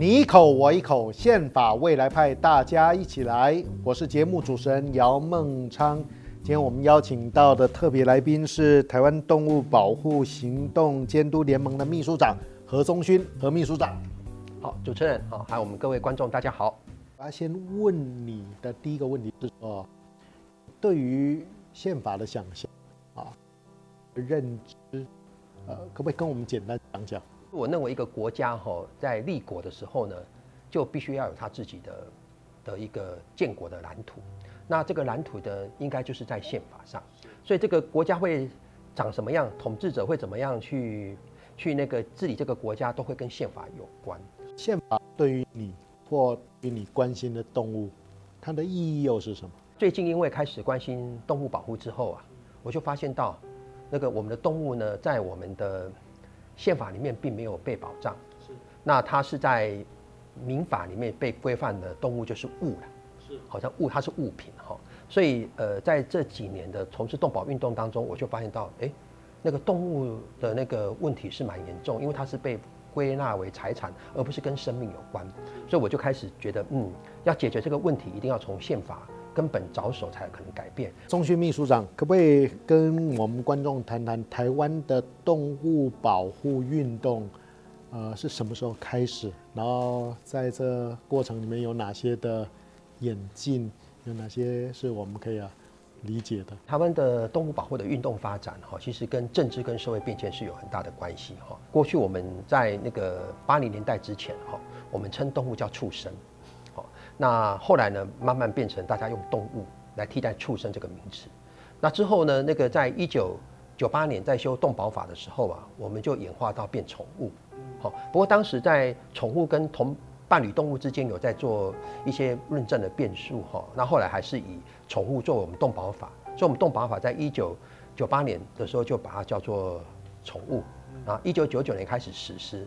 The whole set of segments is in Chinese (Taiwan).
你一口我一口，憲法未來派，大家一起來。我是節目主持人姚孟昌，今天我們邀請到的特別來賓是台灣動物保護行動監督聯盟的秘書長何宗勳，何秘書長。好，主持人好，還有我們各位觀眾，大家好。我要先問你的第一個問題是，呃，對於憲法的想象啊，呃，認知，呃，可不可以跟我們簡單講講？我認為一個國家哈在立國的時候呢，就必須要有它自己的的一個建國的藍圖。那這個藍圖的應該就是在憲法上。所以這個國家會長什麼樣，統治者會怎麼樣去去那個治理這個國家，都會跟憲法有關。憲法對於你或與你關心的動物，它的意義又是什麼？最近因為開始關心動物保護之後啊，我就發現到那個我們的動物呢，在我們的。憲法裡面並沒有被保障，是。那它是在民法裡面被規範的，動物就是物了，是。好像物，它是物品，哈。所以呃，在這幾年的從事動保運動當中，我就發現到，哎、欸，那個動物的那個問題是蠻嚴重，因為它是被歸納為財產，而不是跟生命有關。所以我就開始覺得，嗯，要解決這個問題，一定要從憲法。根本着手才有可能改變。宗勳秘書長，可不可以跟我們觀眾談談台灣的動物保護運動？呃，是什麼時候開始？然後在這過程裡面有哪些的演進？有哪些是我們可以、啊，理解的？台灣的動物保護的運動發展，哈，其實跟政治跟社會變遷是有很大的關係，哈。過去我們在那個八零年代之前，哈，我們稱動物叫畜生。那後來呢，慢慢變成大家用動物來替代畜生這個名詞。那之後呢，那個在一九九八年在修動保法的時候啊，我們就演化到變寵物。好，不過當時在寵物跟同伴侶動物之間有在做一些論證的變數哈。那後來還是以寵物作為我們動保法，所以我們動保法在一九九八年的時候就把它叫做寵物。啊，一九九九年開始實施。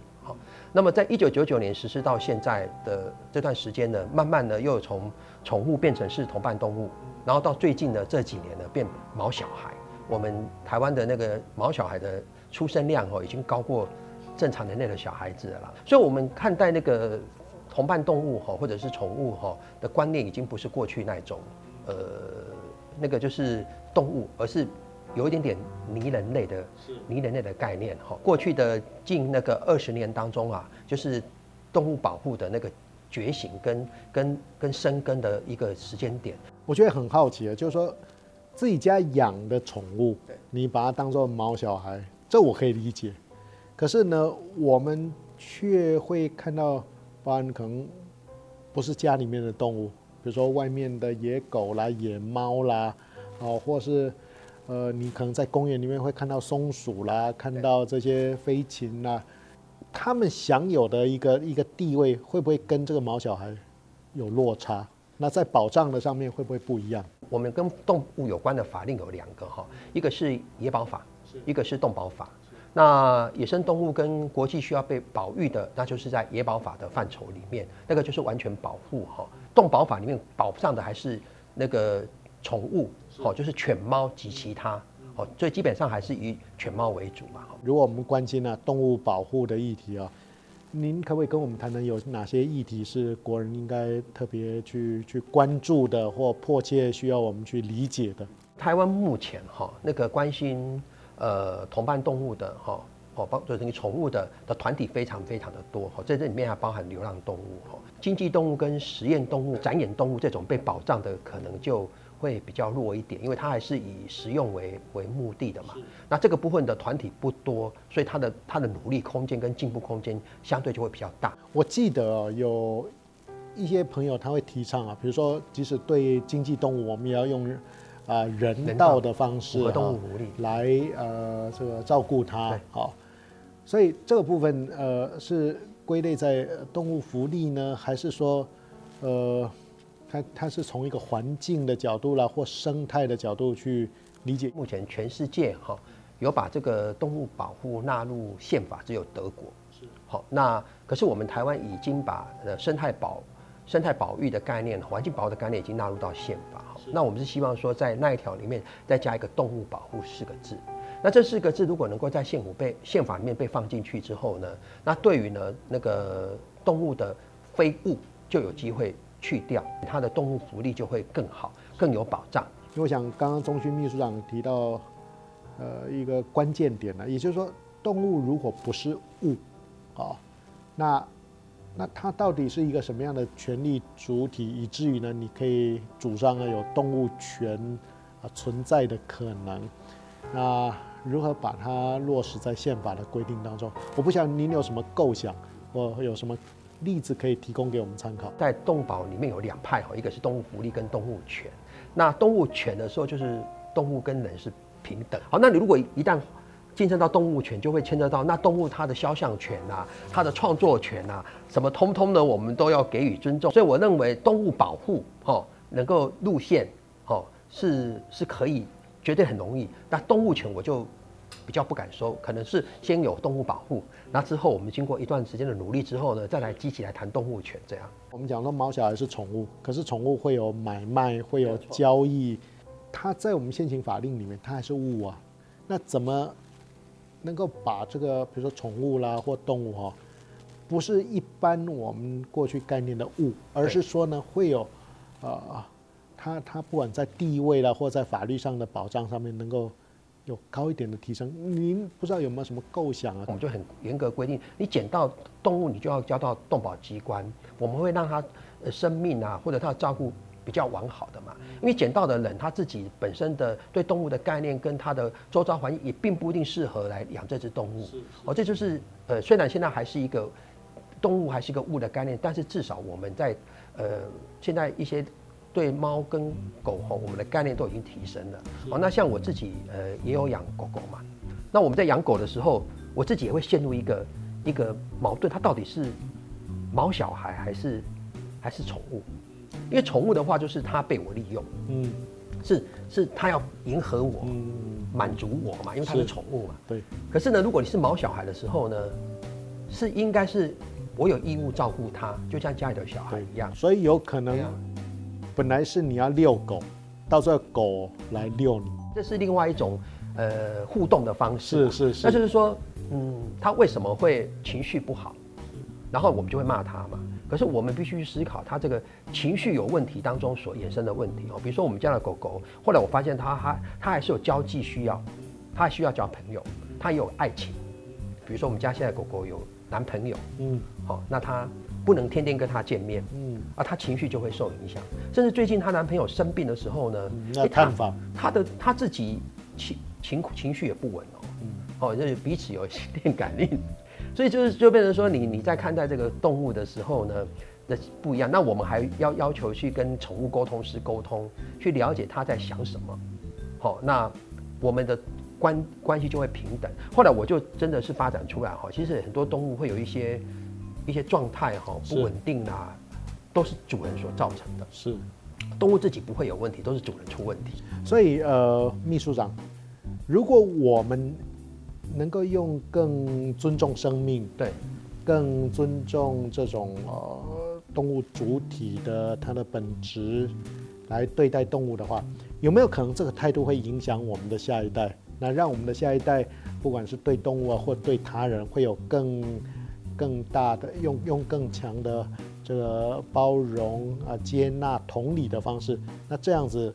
那麼，在一九九九年實施到現在的這段時間呢，慢慢的又從寵物變成是同伴動物，然後到最近的這幾年呢，變毛小孩。我們台灣的那個毛小孩的出生量哦，已經高過正常人類的那個小孩子了。所以，我們看待那個同伴動物或者是寵物的觀念，已經不是過去那種呃那個就是動物，而是。有一點點擬人類的擬是人類的概念哈、哦。過去的近那個二十年當中啊，就是動物保護的那個覺醒跟跟跟生根的一個時間點。我覺得很好奇啊，就是說自己家養的寵物，對你把它當做毛小孩，這我可以理解。可是呢，我們卻會看到，包含可能不是家裡面的動物，比如說外面的野狗啦、野貓啦，哦，或是。呃，你可能在公園裡面會看到松鼠啦，對看到這些飛禽啦，他們享有的一個一個地位會不會跟這個毛小孩有落差？那在保障的上面會不會不一樣？我們跟動物有關的法令有兩個哈、哦，一個是野保法，是一個是動保法。是那野生動物跟國際需要被保育的，那就是在野保法的範疇裡面，那個就是完全保護哈、哦。動保法裡面保障的還是那個寵物。好，就是犬貓及其他，好，所以基本上還是以犬貓為主嘛。如果我們關心了動物保護的議題啊，您可不可以跟我們談談有哪些議題是國人應該特別去去關注的，或迫切需要我們去理解的？台灣目前哈那個關心呃同伴動物的哈哦包就是寵物的的團體非常非常的多哈，在這裡面還包含流浪動物哈、經濟動物跟實驗動物、展演動物這種被保障的可能就。會比較弱一點，因為它還是以食用為為目的的嘛。是那這個部分的團體不多，所以它的它的努力空間跟進步空間相對就會比較大。我記得、哦、有一些朋友他會提倡啊，比如說即使對經濟動物，我們也要用、呃、人道的方式動物福利、啊、來呃這個照顧它對好，所以這個部分呃是歸類在動物福利呢，還是說呃？它它是從一個環境的角度啦，或生態的角度去理解。目前全世界哈有把這個動物保護納入憲法，只有德國。是。好，那可是我們台灣已經把呃生態保生態保育的概念，環境保護的概念已經納入到憲法好，那我們是希望說在那一條裡面再加一個動物保護四個字。那這四個字如果能夠在憲法被憲法裡面被放進去之後呢，那對於呢那個動物的非物就有機會。去掉它的動物福利就會更好、更有保障。因為我想，剛剛宗勳秘書長提到，呃，一個關鍵點呢，也就是說，動物如果不是物，啊、哦，那那它到底是一個什麼樣的權利主體，以至於呢，你可以主張有動物權啊、呃、存在的可能？那如何把它落實在憲法的規定當中？我不曉得您有什麼構想或有什麼？例子可以提供給我們參考。在動保裡面有兩派哈，一個是動物福利跟動物權。那動物權的時候，就是動物跟人是平等。好，那你如果一旦晉升到動物權，就會牽扯到那動物它的肖像權啊、它的創作權啊，什麼通通呢，我們都要給予尊重。所以我認為動物保護哦，能夠路線哦，是是可以絕對很容易。那動物權我就。比較不敢收，可能是先有動物保護，那之後我們經過一段時間的努力之後呢，再來積極來談動物權這樣。我們講到毛小孩是寵物，可是寵物會有買賣，會有交易，錯它在我們現行法令裡面它還是物啊，那怎麼能夠把這個比如說寵物啦或動物哈、喔，不是一般我們過去概念的物，而是說呢對會有啊、呃，它它不管在地位啦或在法律上的保障上面能夠。有高一點的提升，您不知道有沒有什麼構想啊？我們就很嚴格規定，你撿到動物，你就要交到動保機關。我們會讓它生命啊，或者它的照顧比較完好的嘛。因為撿到的人他自己本身的對動物的概念，跟他的周遭環境也並不一定適合來養這隻動物。哦，這就是，是，是呃，雖然現在還是一個動物還是一個物的概念，但是至少我們在呃，現在一些。對貓跟狗，哦，吼，我們的概念都已經提升了。好是、哦，那像我自己，呃，也有養狗狗嘛。那我們在養狗的時候，我自己也會陷入一個一個矛盾，它到底是毛小孩還是還是寵物？因為寵物的話，就是它被我利用，嗯，是是它要迎合我，嗯、滿足我嘛，因為它是寵物嘛。對。可是呢，如果你是毛小孩的時候呢，是應該是我有義務照顧它，就像家裡的小孩一樣。所以有可能、啊。本來是你要遛狗，到這狗來遛你，這是另外一種呃互動的方式、啊是。是是是。那就是說，嗯，他為什麼會情緒不好，然後我們就會罵他嘛。可是我們必須去思考，他這個情緒有問題當中所衍生的問題哦。比如說我們家的狗狗，後來我發現它還它，它還是有交際需要，他還需要交朋友，他也有愛情。比如說我們家現在狗狗有男朋友，嗯，好、哦，那他……不能天天跟他見面，嗯啊，他情緒就會受影響，甚至最近她男朋友生病的時候呢，那、嗯、探訪、欸、他，他的他自己情情情緒也不穩哦，嗯哦，就是、彼此有一些電感應，嗯、所以就是就變成說你，你你在看待這個動物的時候呢，那不一樣。那我們還要要求去跟寵物溝通師溝通，去了解他在想什麼，好、哦，那我們的關關係就會平等。後來我就真的是發展出來哈、哦，其實很多動物會有一些。一些狀態哈，不穩定啊，是都是主人所造成的。是，動物自己不會有問題，都是主人出問題。所以呃，秘書長，如果我們能夠用更尊重生命，對，更尊重這種動物主體的它的本質來對待動物的話，有沒有可能這個態度會影響我們的下一代？那讓我們的下一代，不管是對動物啊，或對他人，會有更。更大的用用更強的這個包容啊、接納、同理的方式，那這樣子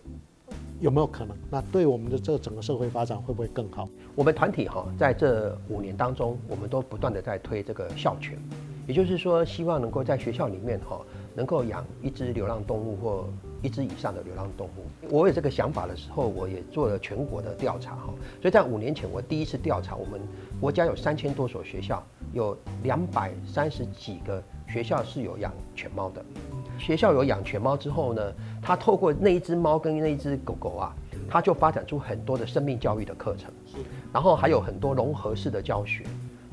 有沒有可能？那對我們的這整個社會發展會不會更好？我們團體哈，在這五年當中，我們都不斷的在推這個校犬，也就是說，希望能夠在學校裡面哈，能夠養一隻流浪動物或一隻以上的流浪動物。我有這個想法的時候，我也做了全國的調查哈，所以在五年前，我第一次調查，我們國家有三千多所學校。有兩百三十幾個學校是有養犬貓的。學校有養犬貓之後呢，他透過那一隻貓跟那一隻狗狗啊，他對就發展出很多的生命教育的課程。是然後還有很多融合式的教學。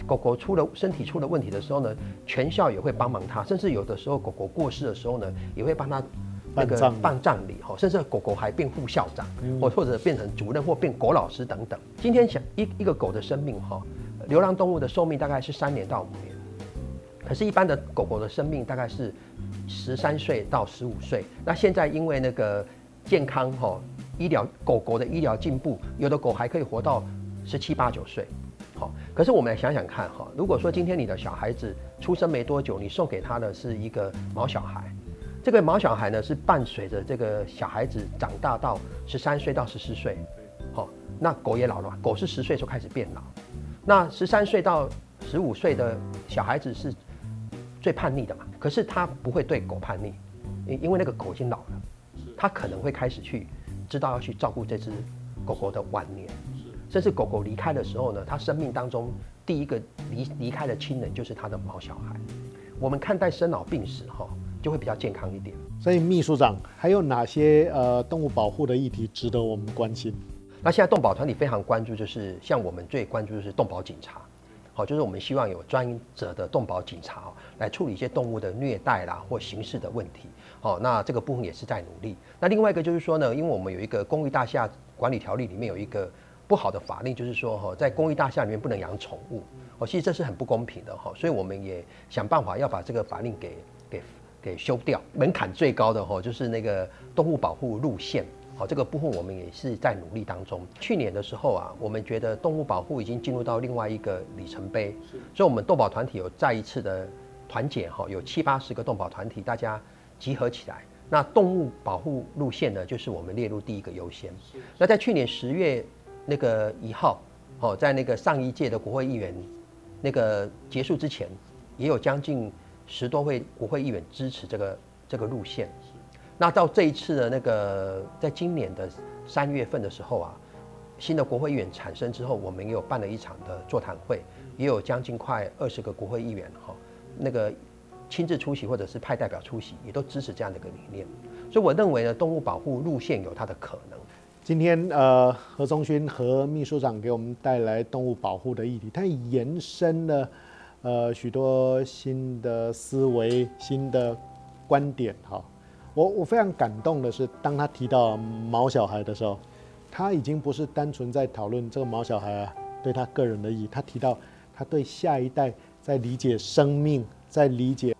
狗狗出了身體出了問題的時候呢，全校也會幫忙他，甚至有的時候狗狗過世的時候呢，也會幫他那個辦葬，辦葬禮哈。甚至狗狗還變副校長，或、嗯、或者變成主任，或者變狗老師等等。今天想一一個狗的生命哈、啊。流浪動物的壽命大概是三年到五年，可是一般的狗狗的生命大概是十三歲到十五歲。那現在因為那個健康哈、喔、醫療狗狗的醫療進步，有的狗還可以活到十七八九歲。好、喔，可是我們來想想看哈、喔，如果說今天你的小孩子出生沒多久，你送給他的是一個毛小孩，這個毛小孩呢是伴隨着這個小孩子長大到十三歲到十四歲，好、喔，那狗也老了，狗是十歲就開始變老。那十三歲到十五歲的小孩子是最叛逆的嘛？可是他不會對狗叛逆，因為那個狗已經老了，他可能會開始去知道要去照顧這隻狗狗的晚年，甚至狗狗離開的時候呢，他生命當中第一個離離開的親人就是他的毛小孩。我們看待生老病死哈，就會比較健康一點。所以，秘書長還有哪些呃動物保護的議題值得我們關心？那現在動保團體非常關注，就是像我們最關注的是動保警察，好，就是我們希望有專責的動保警察來處理一些動物的虐待啦或刑事的問題。好，那這個部分也是在努力。那另外一個就是說呢，因為我們有一個公寓大廈管理條例裡面有一個不好的法令，就是說哈，在公寓大廈裡面不能養寵物。我其實這是很不公平的哈，所以我們也想辦法要把這個法令給給給修掉。門檻最高的哈，就是那個動物保護路線。好，這個部分我們也是在努力當中。去年的時候啊，我們覺得動物保護已經進入到另外一個里程碑，所以我們動保團體有再一次的團結哈，有七八十個動保團體大家集合起來。那動物保護路線呢，就是我們列入第一個優先。那在去年十月那個一號，哦，在那個上一屆的國會議員那個結束之前，也有將近十多位國會議員支持這個這個路線。那到這一次的那個，在今年的三月份的時候啊，新的國會議員產生之後，我們也有辦了一場的座談會，也有將近快二十個國會議員哈、喔，那個親自出席或者是派代表出席，也都支持這樣的一個理念。所以我認為呢，動物保護路線有它的可能。今天呃，何宗勳和秘書長給我們帶來動物保護的議題，它延伸了呃許多新的思維、新的觀點哈。喔我我非常感動的是，當他提到毛小孩的時候，他已經不是單純在討論這個毛小孩啊，對他個人的意義。他提到他對下一代在理解生命，在理解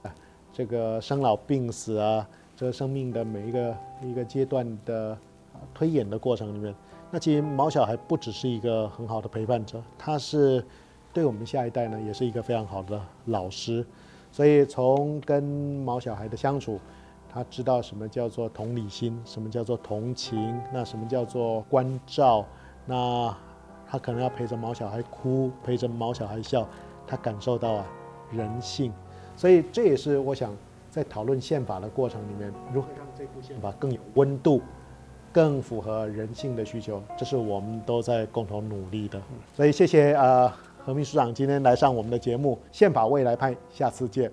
這個生老病死啊，這個生命的每一個一個階段的推演的過程裡面，那其實毛小孩不只是一個很好的陪伴者，他是對我們下一代呢，也是一個非常好的老師。所以從跟毛小孩的相處。他知道什麼叫做同理心，什麼叫做同情，那什麼叫做關照，那他可能要陪着毛小孩哭，陪着毛小孩笑，他感受到啊人性，所以這也是我想在討論憲法的過程裡面，如何讓這部憲法更有溫度，更符合人性的需求，這是我們都在共同努力的。所以謝謝啊何、呃、秘書長今天來上我們的節目，憲法未來派，下次見。